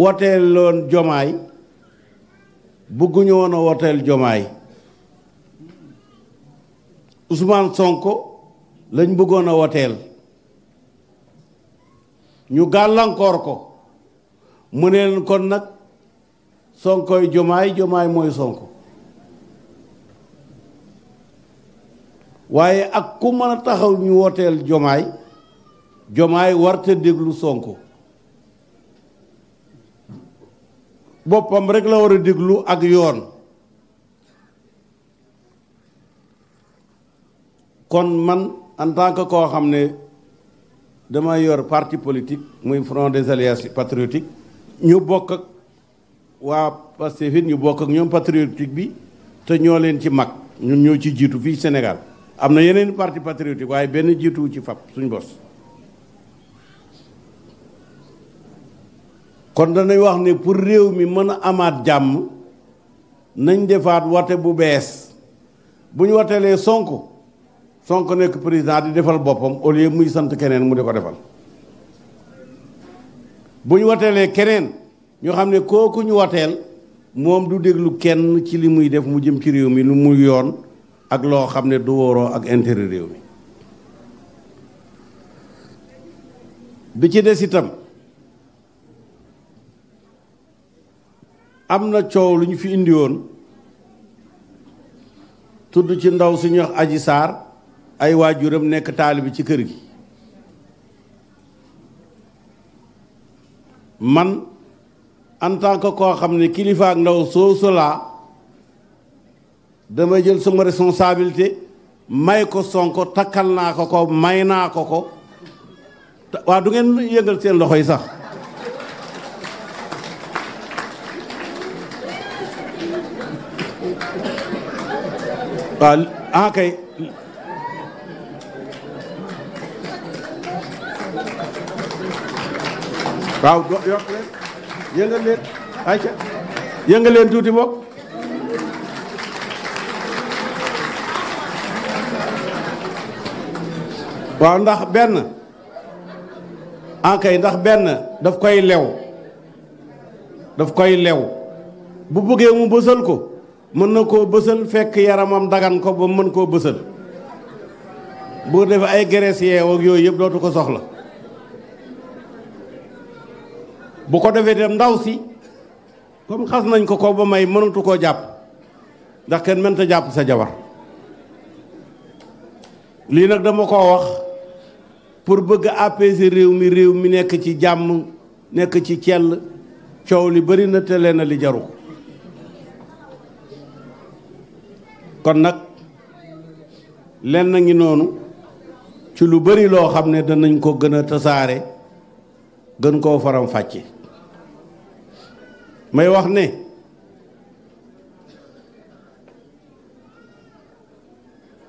woteeloon jomaay bëgguñu woon a woteel jomaay usmaan Sonko lañ bëggoon a woteel ñu gàllankoor ko mu ne kon nag Sonkoy jomaay jomaay mooy Sonko waaye ak ku mën a taxaw ñu woteel jomaay jomaay warte déglu Sonko boppam rek la war a déglu ak yoon kon man en tant que koo xam ne dama yor parti politique muy front des alliances patriotiques ñu bokkak ak waa Pastef ñu bokk ak ñoom patriotique bi te ñoo leen ci mag ñun ñoo ci jiitu fii Sénégal am na yeneen parti patriotique waaye benn jiituwu ci fab suñ bos kon danañ wax ne pour réew mi mën a amaat jàmm nañ defaat wate bu bees bu ñu wateelee Sonko Sonko nekk président di defal boppam au lieu muy sant keneen mu di ko defal bu ñu wateelee keneen ñu xam ne kooku ñu wateel moom du déglu kenn ci li muy def mu jëm ci réew mi lu muy yoon ak loo xam ne du wóoroo ak intérêt réew mi bi ci des itam am na coow lu ñu fi indi woon tudd ci ndaw suñu wax aji saar ay waajuram nekk taalibi ci kër gi man en tant koo xam ne kilifa ndaw soo solaa damay jël sama responsabilité may ko sonko takkal naa ko ko may naa ko ko waa du ngeen yëngal seen loxo yi sax waaw ah kay waaw do tuuti bokk waaw ndax benn en ah, kay ndax benn daf koy lew daf koy lew bu bëggee mu bësal ko mën na koo bësal fekk yaramam dagan ko ba mën koo bësal bu defee ay graisse yeew ak yooyu yëpp dootu ko soxla bu ko defee dem ndaw si comme xas nañ ko ko ba may mënatu koo jàpp ndax kenn mënta jàpp sa jabar lii nag dama koo wax pour bëgg apaiser réew mi réew mi nekk ci jàmm nekk ci cell coow li bari na te li jaru ko kon nag lenn ngi noonu ci lu bari loo xam ne danañ ko gën a tasaare gën koo faram fàcce may wax ne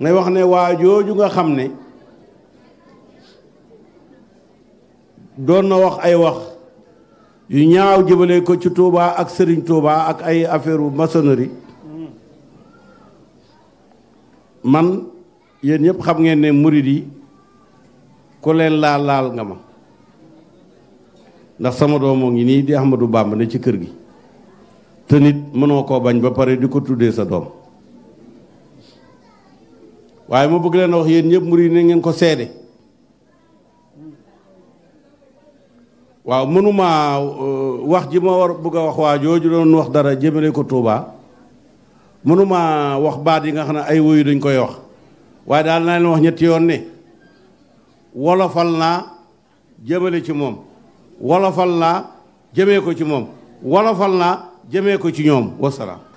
may wax ne waa jooju nga xam ne doon na wax ay wax yu ñaaw jëmale ko ci Touba ak Serigne Touba ak ay affaire maçonnerie man yéen ñëpp xam ngeen ne murid yi ku leen laal laal nga ma ndax sama doomoo ngi nii di Ahmadou Bamba ne ci kër gi te nit mënoo koo bañ ba pare di ko tuddee sa doom waaye ma bëgg leen a wax yéen ñëpp murid yi ne ngeen ko seede waaw mënuma euh, wax ji ma war bëgg a wax waa jooju doon wax dara jëmale ko Touba. mënuma wax baat yi nga xam ne ay woyu dañ koy wax waaye daal naa leen wax ñetti yoon ne wolofal naa jëmale ci moom wolofal naa jëmee ko ci moom wolofal naa jëmee ko ci ñoom wasalaam